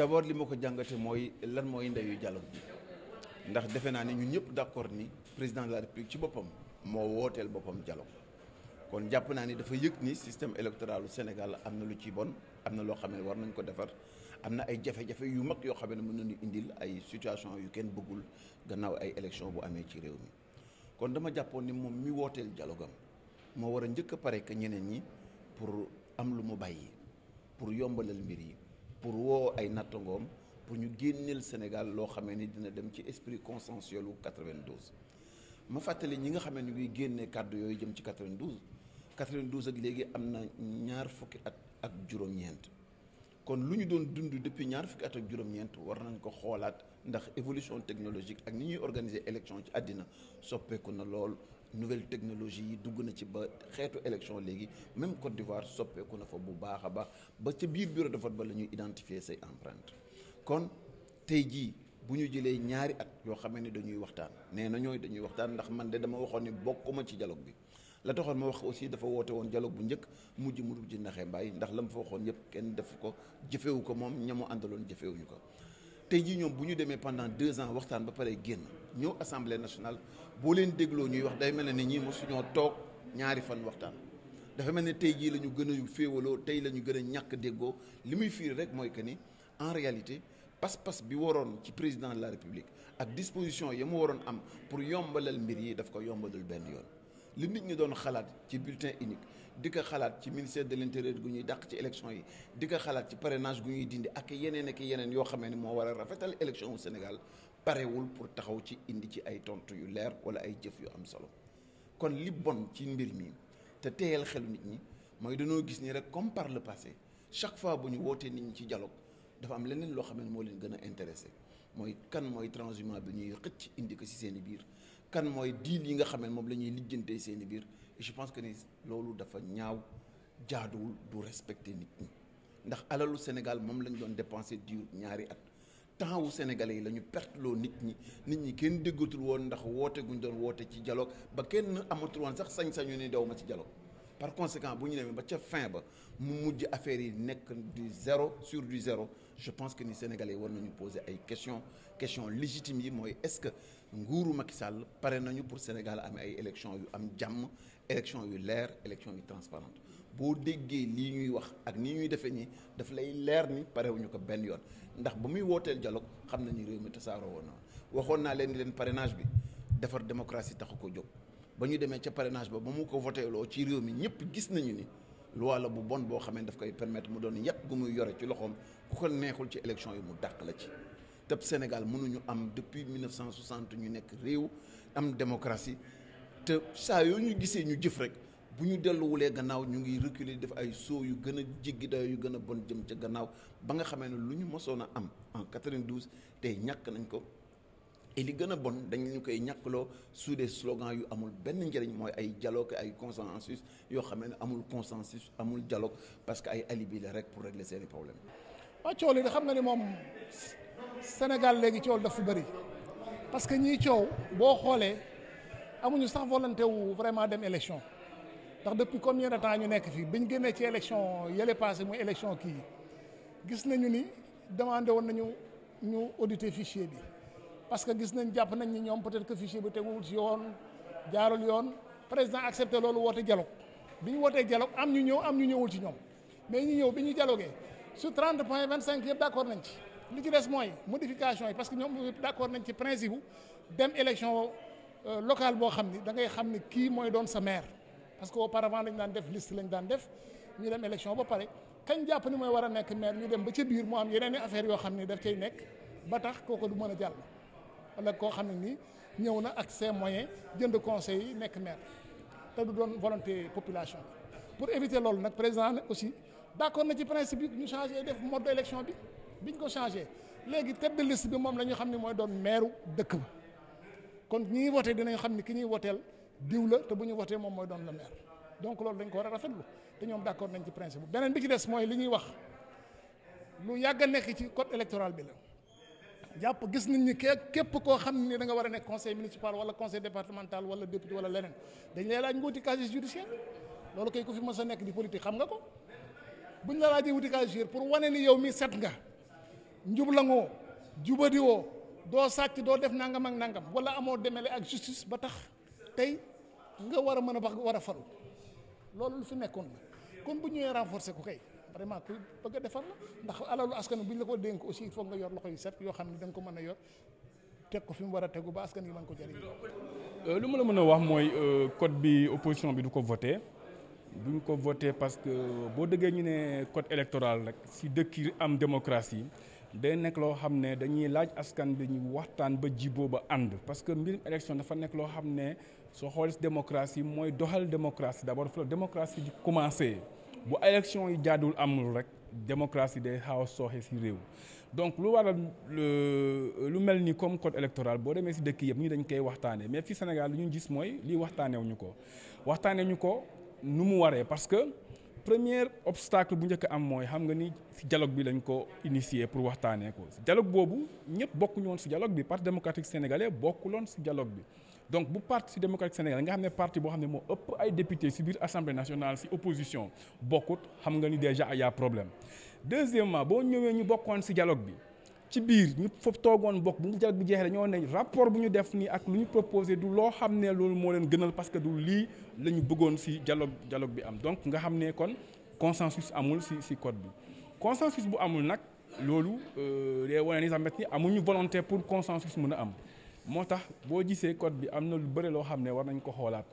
d'abord li ma ko jàngate mooy lan mooy ndeyu dialogue bi ndax defe naa ne ñun ñëpp d'accord ni président de la république ci boppam moo wooteel boppam dialogue kon jàpp naa ni dafa yëg ni système électoral Sénégal am na lu ci bon am na loo xam ne war nañ ko defar am na ay jafe-jafe yu mag yoo xam ne mën nañu indil ay situation yu kenn bëggul gannaaw ay élection bu amee ci réew mi kon dama jàppoon ni moom mi wooteel jaloogam moo war a njëkk a pare que ñeneen ñi pour am lu mu bàyyi pour yombalal mbir yi pour woo ay nattangoom pour ñu génneel Sénégal loo xamee ni dina dem ci esprit consensuel wu 92. ma fàttali ñi nga xam ne ñu ngi génnee kàddu yooyu jëm ci 92 92 ak léegi am na ñaar fukki at ak juróom-ñeent kon lu ñu doon dund depuis ñaar fukki at ak juróom-ñeent war nañ ko xoolaat ndax évolution technologique ak ni ñuy organiser élection ci àddina soppeeku na lool nouvelle technologie yi dugg na ci ba xeetu élection léegi même Côte d'Ivoire soppeeku na fa bu baax a baax ba ca biir bureau de vote ba la ñuy identifier say empreinte kon tey jii bu ñu jëlee ñaari at yoo xamee ne dañuy waxtaan nee na ñooy dañuy waxtaan ndax man de dama waxoon ne bokkuma ci dialogue bi la taxoon ma wax aussi dafa woote woon dialogue bu njëkk mujj mu dugg ci naxee mbaay ndax la mu fa waxoon yëpp kenn def ko jëfewu ko moom ñamu àndaloon jëfewuñu ko tey jii ñoom bu ñu demee pendant deux ans waxtaan ba pare génn ñëw assemblée nationale boo leen dégloo ñuy wax day mel na ni ñii suñoo toog ñaari fan waxtaan dafa mel ne tey jii la ñu gën a féewaloo tey la ñu gën a ñàkk déggoo li muy fiir rek mooy que ni en réalité pas-pas bi waroon ci président de la république ak disposition yi mu waroon am pour yombalal mbir yi daf ko yombalul benn yoon li nit ñi doon xalaat ci bulletin unique di ko xalaat ci ministère de l'intérieur gu ñuy dàq ci élection yi di ko xalaat ci parrainage gu ñuy dindi ak yeneen ak yeneen yoo xamee ne moo war a rafetal élection Sénégal parewul pour taxaw ci indi ci ay tontu yu leer wala ay jëf yu am solo kon li bon ci mbir mi te teyal xelu nit ñi mooy dañoo gis ni rek comme par le chaque fois bu ñu wootee nit ñi ci dialogue dafa am leneen loo xam ne moo leen gën a intéressé mooy kan mooy transhumant bi ñuy xëcc indi ko ci seen i biir kan mooy diil yi nga xam moom la ñuy lijjantee seen biir et je pense que ni loolu dafa ñaaw jaaduwul du respecter nit ñi ndax alalu Sénégal moom lañ doon dépensé diir ñaari at. temps wu yi la ñu perte nit ñi nit ñi kenn déggatul woon ndax woote guñ doon woote ci dialogue ba kenn amatul woon sax sañ-sañu ni daw ma ci dialogue par conséquent bu ñu demee ba ca fin ba mu mujj affaire yi nekk di zéro sur du zéro je pense que ni sénégalais war nañu poser ay question question légitimes yi mooy est-ce que nguuru Macky Sall pare nañu pour Sénégal am ay élections yu am jàmm élections yu leer élections yu transparentes boo déggee lii ñuy wax ak nii ñuy defee nii daf lay leer ni parewuñu ko benn yoon ndax ba muy wooteel dialogue xam nañu réew mi tasaaroo woon na waxoon naa leen ni leen parrainage bi defar démocratie taxu ko jóg ba ñu demee ca parenage ba ba mu ko voteeloo ci réew mi ñëpp gis nañu ni loi la bu bon boo xamee daf koy permettre mu doon yàq gu muy yore ci loxoom ku ko neexul ci élection yi mu dàq la ci te Sénégal mënuñu am depuis 1960 ñu nekk réew am démocratie te saa yoo gisee ñu jëf rek bu ñu delluwulee gannaaw ñu ngi reculer def ay saut yu gën a jiggi dayo yu gën a bon jëm ca gannaaw ba nga xamee ne lu ñu mosoon a am en 92 tey ñàkk nañ ko et li gën a bon dañu koy ñàkkloo sous des slogans yu amul benn njëriñ mooy ay dialogue ay consensus yoo xam ne amul consensus amul dialogue parce que ay alibi la rek pour régler seen i problème waaw coow li da xam nga ni moom Sénégal léegi coow daf fi bëri parce que ñiy coow boo xoolee amuñu sax volonté wu vraiment dem élection ndax depuis combien de temps ñu nekk fii biñ génnee ci élection yële passé muy élection kii gis nañu ni demande woon nañu ñu auditer fichier bi parce que gis nañ jàpp nañ ni ñoom peut-être que fichier bi teguwul ci yoon jaarul yoon président accepté loolu woote dialogue bi ñu wootee dialogue am ñu ñëw am ñu ñëwul ci ñoom mais ñu ñëw bi ñu dialogué su trente point vingt cinq yëpp d'accord nañ ci li ci des mooy modification yi parce que ñoom d'accord nañ ci principe bu dem élection euh, locale boo xam ni da ngay xam ni kii mooy doon sa maire. parce que auparavant dañ daan def liste lañ daan def ñu dem élection ba pare kañ jàpp ni mooy war a nekk maire ñu dem ba ca biir mu am yeneen i affaire yoo xam ni daf cay nekk ba tax kooko du mën a jàll wala koo xam ne nii ñëw na ak ses moyen jënd conseil yi nekk maire te du doon volonté population pour éviter loolu nag président nag aussi d'accord na ci principe bi ñu changé def mode d'élection bi biñ ko changé léegi tête de liste bi moom la ñu xam ne mooy doon maire dëkk ba kon ñi voté dinañ xam ni ki ñuy woteel diw la te bu ñu voté moom mooy doon le maire donc loolu dañ ko war a rafetlu te ñoom d'accord nañ ci principe beneen bi ci des mooy li ñuy wax lu yàgg a nekk ci code électoral bi la jàpp gis nañ ni képp koo xam ne da nga war a nekk conseil municipal wala conseil départemental wala député wala leneen dañ lay laaj nga wuti casier judiciaire loolu kay ku fi mës a nekk di politique xam nga ko buñ la laajee wuti casier judiciaire pour wane ni yow mi set nga njublaŋoo jubadiwoo doo sàcc doo def nangam ak nangam wala amoo demele ak justice ba tax. tey nga war a mën a bax war a faru loolu lu fi nekkoon la kon bu ñëwee renforcer ko kay vraiment kuy bëgg a defar la ndax alalu askan bu ñu la ko dénk aussi il faut nga yor loxo yu set yoo xam ne da ko mën a yor teg ko fi mu war a tegu ba askan yi mën ko jëriñoo. Euh, lu ma la mën a wax mooy euh, code bi opposition bi du ko voté duñ ko voté parce que boo déggee ñu ne code électoral rek si dëkk am démocratie. day nekk loo xam ne dañuy laaj askan bi ñu waxtaan ba jiboo ba ànd parce que mbirum élection dafa nekk loo xam ne soo xoolis démocratie mooy doxal démocratie d'abord fa la commencé bu élection yi jaadul amul rek démocratie day xaaw a sooxe si réew donc lu waral lu mel ni comme code électoral boo demee si dëkk yëpp ñu dañ koy waxtaanee mais fii Sénégal lu ñu gis mooy li waxtaanee wu ko waxtaanee ñu ko nu mu waree parce que premier obstacle bu njëkk am mooy xam nga ni si dialogue bi lañ ko initier pour waxtaanee ko dialogue boobu ñëpp bokkuñu woon si dialogue bi parti démocratique sénégalais bokkuloon si dialogue bi donc bu parti démocratique sénégalais nga xam ne parti boo xam ne moo ëpp ay député si biir assemblée nationale si opposition bokkut xam nga ni déjà y a problème deuxièmement boo ñëwee ñu bokkoon si dialogue bi. ci biir ñu foofu toogoon bokk bu ñu jarat bu jeexee ñoo ne rapport bu ñu def nii ak lu ñu proposé du loo xam ne loolu moo leen gënal parce que du lii la ñu bëggoon si dialogue dialogue bi am donc nga xam ne kon consensus amul si si code bi consensus bu amul nag loolu euh, day wane ni samet ni amuñu volonté pour consensus mun a am moo tax boo gisee code bi am na lu bëri loo xam ne war nañ ko xoolaat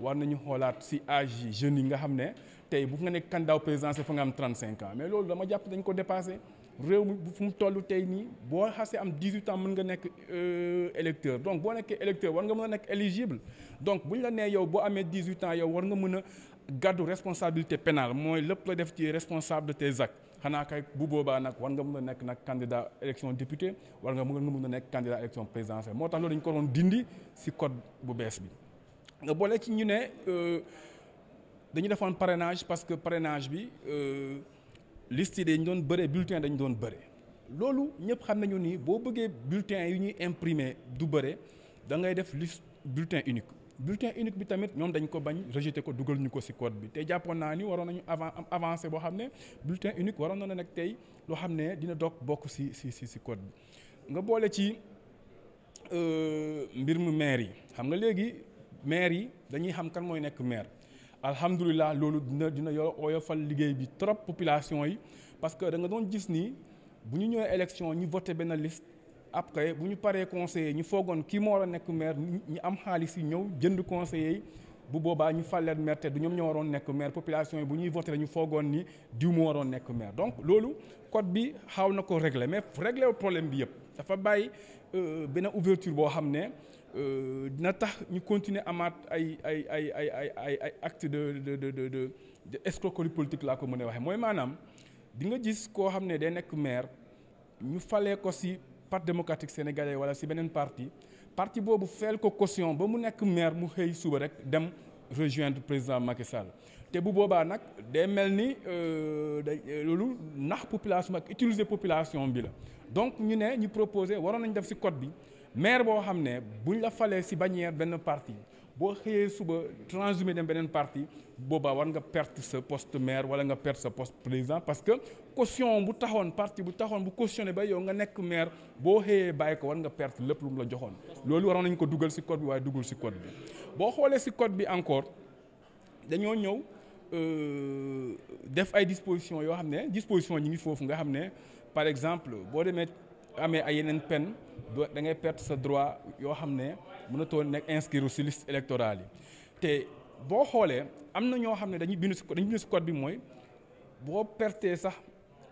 war nañu xoolaat si âge yi jeunes yi nga xam ne tey bu nga nekk candidat présidentiel fa nga am 35 ans mais loolu dama jàpp dañ ko dépassé réew mi fu mu toll tey nii boo xasee am 18 ans mën nga nekk euh, électeur donc boo nekkee électeur war nga mën a nekk éligible donc bu ñu la nee yow boo amee 18 ans yow war nga mën a gàddu responsabilité pénal mooy lépp la def ci responsable te tes xanaa kay bu boobaa nag war nga mën a nekk nag candidat élection député war nga mun mun a nekk candidat élection présidentielle moo tax loolu dañu ko doon dindi si code bu bees bi nga boole ci ñu ne euh, dañu defoon parrainage parce que parrainage bi. Euh, liste yi dañ doon bëre bulletin dañu doon bëre loolu ñëpp xam nañu ni boo bëggee bulletin yu ñuy imprimer du bëre da ngay def liste bulletin unique bulletin unique bi tamit ñoom dañ ko bañ rejeté ko dugal ñu ko ci code bi te jàppoon naa ni waroon nañu avant am boo xam ne bulletin unique waroon na nekk tey loo xam ne dina dog bokk ci ci ci ci code bi nga boole ci euh, mbir mu maire yi xam nga léegi maire yi dañuy xam kan mooy nekk maire. alhamdulilah loolu dina dina yo oyofal liggéey bi trop population yi parce que da nga doon gis nii bu ñu ñëwee élection ñu voté benn liste après bu ñu paree conseiller ñi foogoon kii moo la nekk maire ñi am xaalis yi ñëw jënd conseiller bu boobaa ñu fal leen maire te du ñoom ñoo waroon nekk maire population yi bu ñuy voté ñu foogoon ni diw mu waroon nekk maire donc loolu code bi xaaw na ko régler mais régler problème bi yëpp dafa bàyyi euh, benn ouverture boo xam ne euh, dina tax ñu continuer amaat ay ay ay ay ay ay ay acte de de de de laa ko mën a waxee mooy maanaam di nga gis koo xam ne day nekk maire ñu falee ko si parti démocratique sénégalais wala si beneen parti. parti boobu feel ko caution ba mu nekk maire mu xëy suba rek dem rejoindre président Macky Sall te bu boobaa nag day mel ni euh, day euh, loolu nax population ak utiliser population bi la donc ñu ne ñu proposer waroon nañ def ci code bi maire boo xam ne buñ la falee ci bannière benn parti boo xëyee suba transhumé dem beneen parti boobaa war nga perte sa poste maire wala nga perte sa poste président parce que caution bu taxoon parti bu taxoon bu cautionné ba yow nga nekk maire boo xëyee bàyyi ko war nga perte lépp lu mu la joxoon loolu waroon nañ ko dugal si code bi waaye duggul ci code bi boo xoolee si code bi encore dañoo ñëw euh, def ay dispositions yoo xam ne dispositions ñi ngi foofu nga xam ne par exemple boo demee amee ay yeneen peine doo da perte sa droit yoo xam ne mun mënatoo nekk inscrire si liste électorale yi te boo xoolee am na ñoo xam ne dañuy bindu si dañuy bindu si code bi mooy boo pertee sax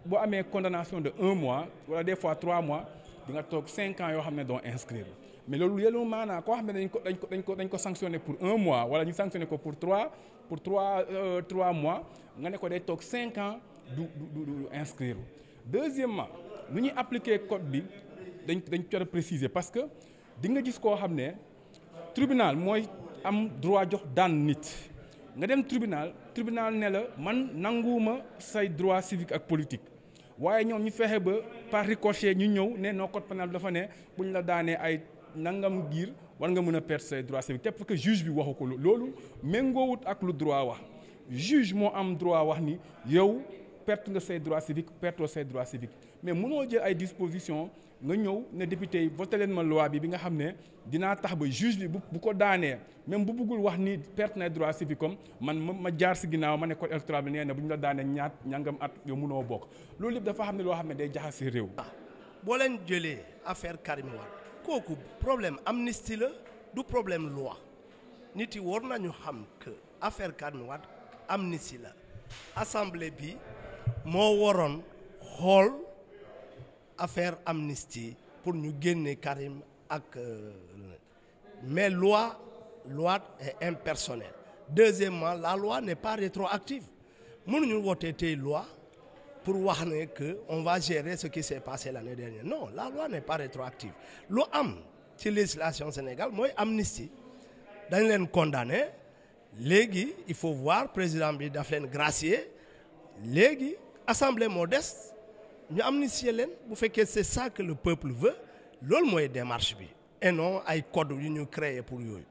boo amee condamnation de un mois wala des fois trois mois di nga toog cinq ans yoo xam ne doo inscrire mais loolu yëlu maanaa koo xam ne dañ ko dañ ko dañ ko dañ ko sanctionné pour un mois wala ñu sanctionné ko pour trois pour trois euh, trois mois nga ne ko day toog cinq ans du inscrire deuxièmement lu ñuy appliquer code bi dañ dañ cor a préciser parce que di nga gis koo xam ne tribunal mooy am droit jox daan nit nga dem tribunal tribunal ne la man nanguwuma say droit civique ak politique waaye ñoom ñu fexe ba par ricochet ñu ñëw ne noo code pénal dafa ne buñ la daanee ay nangam giir war nga mën a perdre say droit civique te parce juge bi waxu ko loolu méngoowut ak lu droit wax juge moo am droit wax ni yow perte nga say droits civiques pertoo say droits civiques mais mënoo jël ay dispositions nga ñëw ne député yi voté leen ma loi bi bi nga xam ne dinaa tax ba juge bi bu ko daanee même bu bëggul wax ni perte na droits civiques comme man ma ma jaar si ginnaaw ma ne ko électoral bi nee na bu ñu la daanee ñaat ñangam at yow mënoo bokk loolu yëpp dafa xam ne loo xam ne day jaxase réew. boo leen jëlee affaire Karim Wade kooku problème amnistie la du problème loi nit yi war nañu xam affaire Karim Wade amnistie la moo waroon xool affaire amnisti pour ñu génne Karim ak euh, mais loi loi est impersonnelle deuxièmement la loi n'est pas rétroactive mënuñu wootee tey loi pour wax ne que on va gérer ce qui s'est passé l'année dernière non la loi n'est pas rétroactive lu am ci législation Sénégal mooy amnistie dañ leen condamné léegi il faut voir président bi daf leen gracier léegi assemblée moo des ñu amnistier leen bu fekkee c'est ça que le peuple veut loolu mooy démarche bi et ay code yu ñu créer pour yooyu